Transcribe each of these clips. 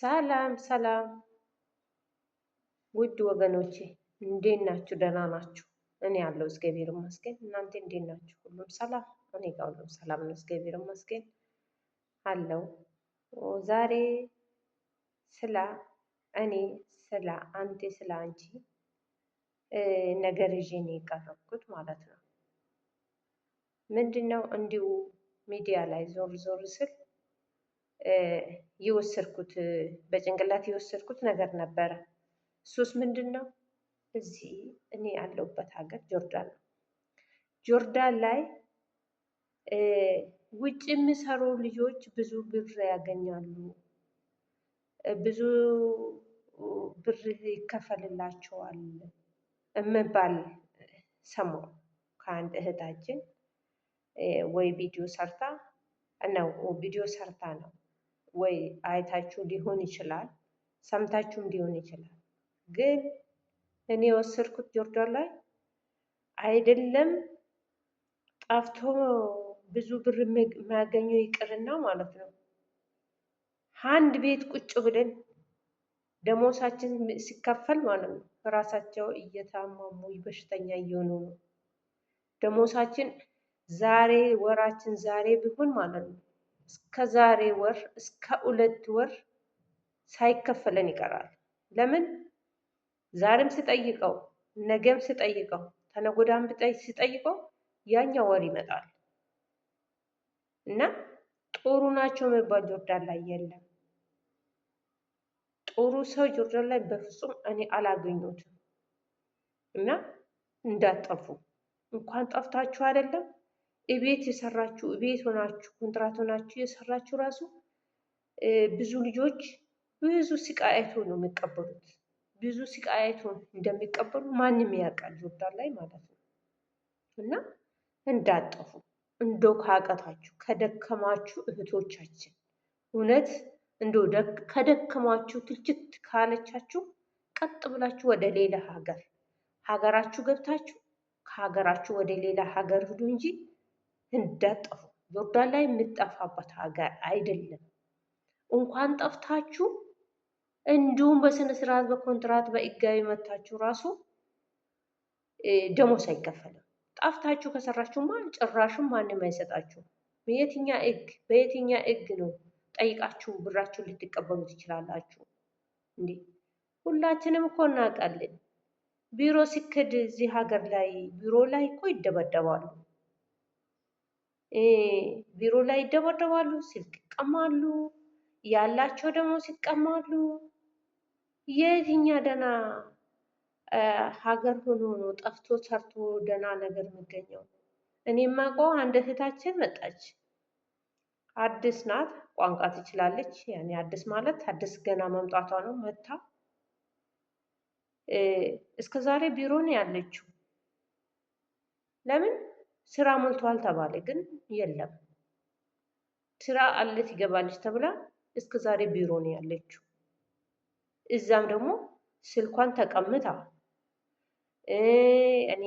ሰላም ሰላም ውድ ወገኖቼ እንዴት ናችሁ? ደህና ናችሁ? እኔ ያለው እግዚአብሔር ይመስገን። እናንተ እንዴት ናችሁ? ሁሉም ሰላም? እኔ ጋር ሁሉም ሰላም ነው፣ እግዚአብሔር ይመስገን አለው። ዛሬ ስለ እኔ ስለ አንቴ ስለ አንቺ ነገር ይዤ ነው የቀረብኩት ማለት ነው። ምንድን ነው እንዲሁ ሚዲያ ላይ ዞር ዞር ስል የወሰድኩት በጭንቅላት የወሰድኩት ነገር ነበረ። እሱስ ምንድን ነው? እዚህ እኔ ያለሁበት ሀገር ጆርዳን ነው። ጆርዳን ላይ ውጭ የሚሰሩ ልጆች ብዙ ብር ያገኛሉ፣ ብዙ ብር ይከፈልላቸዋል የምባል ሰማሁ ከአንድ እህታችን ወይ ቪዲዮ ሰርታ ነው ቪዲዮ ሰርታ ነው ወይ አይታችሁ ሊሆን ይችላል፣ ሰምታችሁም ሊሆን ይችላል። ግን እኔ የወሰድኩት ጆርዳን ላይ አይደለም ጠፍቶ ብዙ ብር የሚያገኘው ይቅርና ማለት ነው አንድ ቤት ቁጭ ብለን ደሞሳችን ሲከፈል ማለት ነው ራሳቸው እየታማሙ በሽተኛ እየሆኑ ነው። ደሞሳችን ዛሬ ወራችን ዛሬ ቢሆን ማለት ነው እስከ ዛሬ ወር እስከ ሁለት ወር ሳይከፈለን ይቀራል። ለምን? ዛሬም ስጠይቀው ነገም ስጠይቀው ተነጎዳም ስጠይቀው ያኛው ወር ይመጣል እና ጥሩ ናቸው የሚባል ጆርዳን ላይ የለም። ጥሩ ሰው ጆርዳን ላይ በፍጹም እኔ አላገኙትም እና እንዳትጠፉ እንኳን ጠፍታችሁ አይደለም እቤት የሰራችሁ እቤት ሆናችሁ ኮንትራት ሆናችሁ የሰራችሁ ራሱ ብዙ ልጆች ብዙ ስቃይ አይቶ ነው የሚቀበሉት። ብዙ ስቃይ አይቶ እንደሚቀበሉ ማንም ያውቃል፣ ጆርዳን ላይ ማለት ነው። እና እንዳጠፉ እንደው ካቀታችሁ ከደከማችሁ እህቶቻችን እውነት እንዶ ከደከማችሁ ትልችት ካለቻችሁ ቀጥ ብላችሁ ወደ ሌላ ሀገር ሀገራችሁ ገብታችሁ ከሀገራችሁ ወደ ሌላ ሀገር ሂዱ እንጂ እንዳጠፉ ጆርዳን ላይ የምጠፋበት ሀገር አይደለም። እንኳን ጠፍታችሁ እንዲሁም በስነ ስርዓት በኮንትራት በህጋዊ መታችሁ ራሱ ደሞዝ አይከፈልም። ጠፍታችሁ ከሰራችሁማ ጭራሽም ማንም አይሰጣችሁ። በየትኛ ህግ በየትኛ ህግ ነው ጠይቃችሁ ብራችሁን ልትቀበሉ ትችላላችሁ እንዴ? ሁላችንም እኮ እናውቃለን። ቢሮ ሲክድ እዚህ ሀገር ላይ ቢሮ ላይ እኮ ይደበደባሉ። ቢሮ ላይ ይደበደባሉ፣ ስልክ ይቀማሉ፣ ያላቸው ደሞዝ ይቀማሉ። የትኛ ደና ሀገር ሆኖ ነው ጠፍቶ ሰርቶ ደና ነገር የሚገኘው? እኔ የማውቀው አንድ እህታችን መጣች። አዲስ ናት፣ ቋንቋ ትችላለች። ያኔ አዲስ ማለት አዲስ ገና መምጣቷ ነው። መታ እስከ ዛሬ ቢሮ ነው ያለችው። ለምን ስራ ሞልቷል ተባለ፣ ግን የለም። ስራ አለ ትገባለች ተብላ እስከ ዛሬ ቢሮ ነው ያለችው። እዛም ደግሞ ስልኳን ተቀምጣ እኔ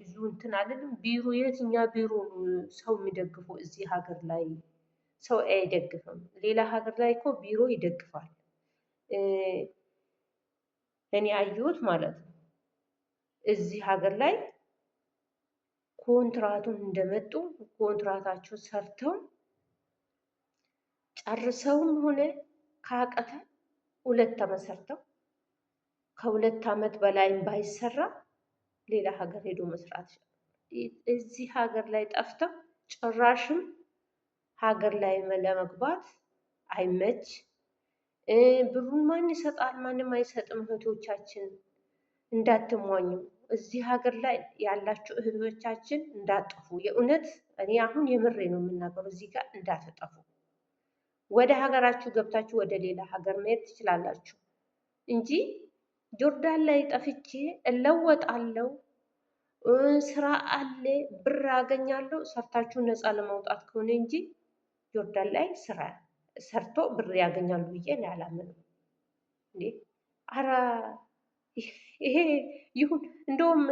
ብዙ እንትን አልልም። ቢሮ የትኛ ቢሮ ሰው የሚደግፈው እዚህ ሀገር ላይ ሰው አይደግፍም። ሌላ ሀገር ላይ እኮ ቢሮ ይደግፋል። እኔ አየሁት ማለት ነው እዚህ ሀገር ላይ ኮንትራቱን እንደመጡ ኮንትራታቸው ሰርተው ጨርሰውም ሆነ ካቀተ ሁለት ዓመት ሰርተው ከሁለት ዓመት በላይም ባይሰራ ሌላ ሀገር ሄዶ መስራት እዚህ ሀገር ላይ ጠፍተው ጭራሽም ሀገር ላይ ለመግባት አይመች። ብሩን ማን ይሰጣል? ማንም አይሰጥም። እህቶቻችን እንዳትሟኙ። እዚህ ሀገር ላይ ያላችሁ እህቶቻችን እንዳጠፉ የእውነት እኔ አሁን የምሬ ነው የምናገሩ። እዚህ ጋር እንዳትጠፉ። ወደ ሀገራችሁ ገብታችሁ ወደ ሌላ ሀገር መሄድ ትችላላችሁ እንጂ ጆርዳን ላይ ጠፍቼ እለወጣለሁ፣ ስራ አለ፣ ብር አገኛለሁ፣ ሰርታችሁ ነፃ ለማውጣት ከሆነ እንጂ ጆርዳን ላይ ስራ ሰርቶ ብር ያገኛሉ ብዬ ነው ያላምንም። እንዴ! ይሄ ይሁን እንደውም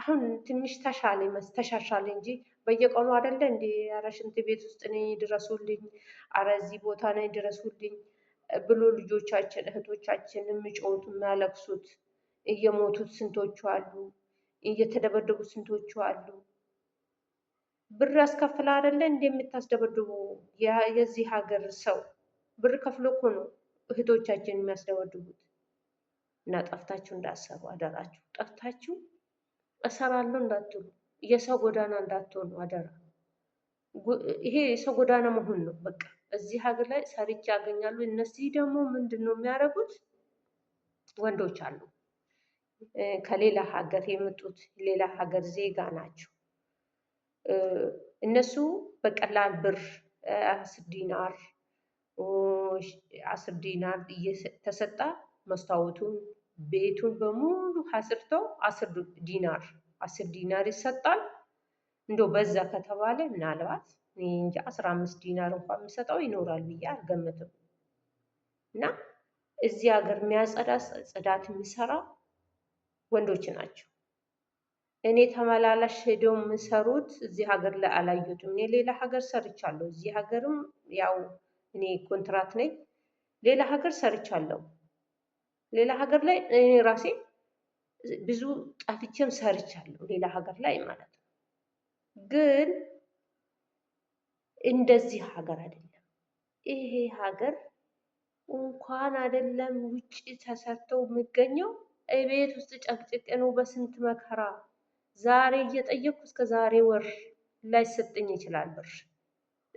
አሁን ትንሽ ተሻለ ተሻሻለ እንጂ በየቀኑ አደለ እንዲ አረ ሽንት ቤት ውስጥ ነኝ ድረሱልኝ፣ አረ እዚህ ቦታ ነኝ ድረሱልኝ ብሎ ልጆቻችን እህቶቻችን የሚጮሁት የሚያለቅሱት እየሞቱት ስንቶቹ አሉ፣ እየተደበደቡ ስንቶቹ አሉ። ብር አስከፍላ አይደለ እንደ የምታስደበድቡ የዚህ ሀገር ሰው ብር ከፍሎ እኮ ነው እህቶቻችን የሚያስደበድቡት። እና ጠፍታችሁ እንዳሰሩ አደራችሁ። ጠፍታችሁ እሰራለሁ እንዳትሉ፣ የሰው ጎዳና እንዳትሆኑ አደራ። ይሄ የሰው ጎዳና መሆን ነው። በቃ እዚህ ሀገር ላይ ሰርቼ ያገኛሉ። እነዚህ ደግሞ ምንድን ነው የሚያደርጉት? ወንዶች አሉ ከሌላ ሀገር የመጡት ሌላ ሀገር ዜጋ ናቸው። እነሱ በቀላል ብር አስር ዲናር አስር ዲናር እየተሰጣ መስታወቱን ቤቱን በሙሉ አስርተው አስር ዲናር አስር ዲናር ይሰጣል። እንዶ በዛ ከተባለ ምናልባት እንጂ አስራ አምስት ዲናር እንኳን የሚሰጠው ይኖራል ብዬ አልገምትም። እና እዚህ ሀገር የሚያጸዳ ጽዳት የሚሰራ ወንዶች ናቸው። እኔ ተመላላሽ ሄደው የምሰሩት እዚህ ሀገር ላይ አላየሁትም። እኔ ሌላ ሀገር ሰርቻለሁ። እዚህ ሀገርም ያው እኔ ኮንትራት ነኝ፣ ሌላ ሀገር ሰርቻለሁ። ሌላ ሀገር ላይ እኔ ራሴ ብዙ ጠፍቼም ሰርቻለሁ፣ ሌላ ሀገር ላይ ማለት ነው። ግን እንደዚህ ሀገር አይደለም። ይሄ ሀገር እንኳን አይደለም ውጭ ተሰርተው የሚገኘው እቤት ውስጥ ነው። በስንት መከራ ዛሬ እየጠየቅኩ እስከ ዛሬ ወር ላይሰጠኝ ይችላል ብር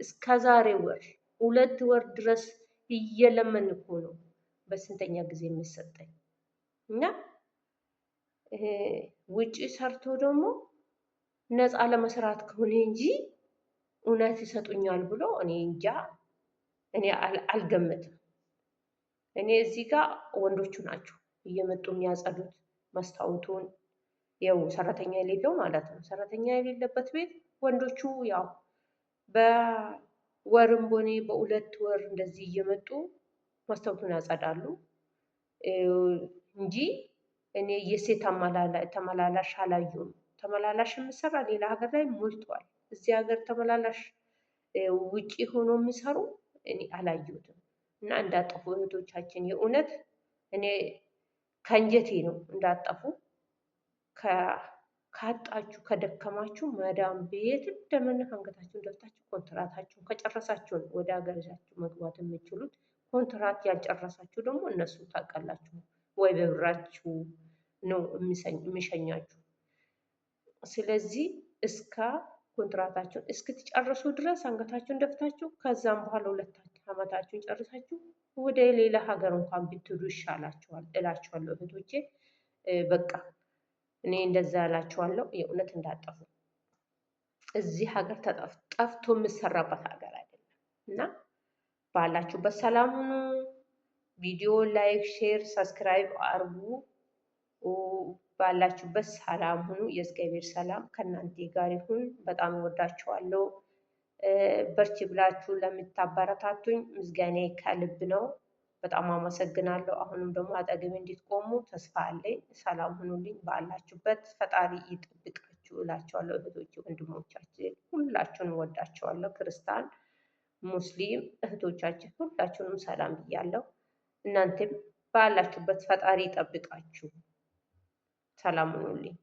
እስከ ዛሬ ወር ሁለት ወር ድረስ እየለመንኩ ነው። በስንተኛ ጊዜ የሚሰጠኝ እና ውጭ ሰርቶ ደግሞ ነፃ ለመስራት ከሆነ እንጂ እውነት ይሰጡኛል ብሎ እኔ እንጃ፣ እኔ አልገምትም። እኔ እዚህ ጋር ወንዶቹ ናቸው እየመጡ የሚያጸዱት መስታወቱን። ያው ሰራተኛ የሌለው ማለት ነው። ሰራተኛ የሌለበት ቤት ወንዶቹ ያው በወርም ሆነ በሁለት ወር እንደዚህ እየመጡ መስታወቱን ያጸዳሉ እንጂ እኔ የሴት ተመላላሽ አላየሁም። ተመላላሽ የሚሰራ ሌላ ሀገር ላይ ሞልቷል። እዚህ ሀገር ተመላላሽ ውጪ ሆኖ የሚሰሩ እኔ አላየሁትም። እና እንዳጠፉ እህቶቻችን የእውነት እኔ ከእንጀቴ ነው እንዳጠፉ። ካጣችሁ ከደከማችሁ መዳም ቤት እንደምን አንገታችሁን ደፍታችሁ ኮንትራታችሁን ከጨረሳችሁ ወደ ይዛችሁ መግባት የምችሉት ኮንትራት ያልጨረሳችሁ ደግሞ እነሱ ታውቃላችሁ ወይ በብራችሁ ነው የሚሸኛችሁ። ስለዚህ እስከ ኮንትራታችሁን እስክትጨርሱ ድረስ አንገታችሁን ደፍታችሁ ከዛም በኋላ ሁለት ዓመታችሁን ጨርሳችሁ ወደ ሌላ ሀገር እንኳን ብትሄዱ ይሻላችኋል እላችኋለሁ እህቶቼ። በቃ እኔ እንደዛ እላችኋለሁ። የእውነት እንዳጠፉ እዚህ ሀገር ጠፍቶ የምሰራበት ሀገር አይደለም እና ባላችሁበት ሰላም ሁኑ። ቪዲዮ ላይክ፣ ሼር፣ ሰብስክራይብ አርጉ። ባላችሁበት ሰላም ሁኑ። የእግዚአብሔር ሰላም ከእናንተ ጋር ይሁን። በጣም እወዳችኋለሁ። በርቺ ብላችሁ ለምታበረታቱኝ ምስጋኔ ከልብ ነው። በጣም አመሰግናለሁ። አሁንም ደግሞ አጠገቤ እንድትቆሙ ተስፋ አለኝ። ሰላም ሁኑልኝ። ባላችሁበት ፈጣሪ ይጠብቃችሁ እላችኋለሁ። እህቶች ወንድሞቻችን ሁላችሁን እወዳችኋለሁ ክርስታን ሙስሊም እህቶቻችን ሁላችሁንም ሰላም ብያለሁ። እናንተም ባላችሁበት ፈጣሪ ይጠብቃችሁ። ሰላም ሁኑልኝ።